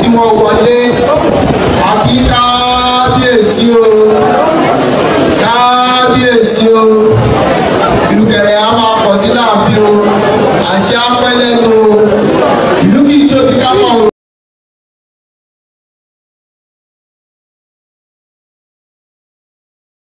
tí wọ́n wọlé àti kábíyèsí o kábíyèsí o ìrùkẹ̀rẹ̀ á máa pọ̀ sí láàfin o àṣà pẹ́lẹ́nu o.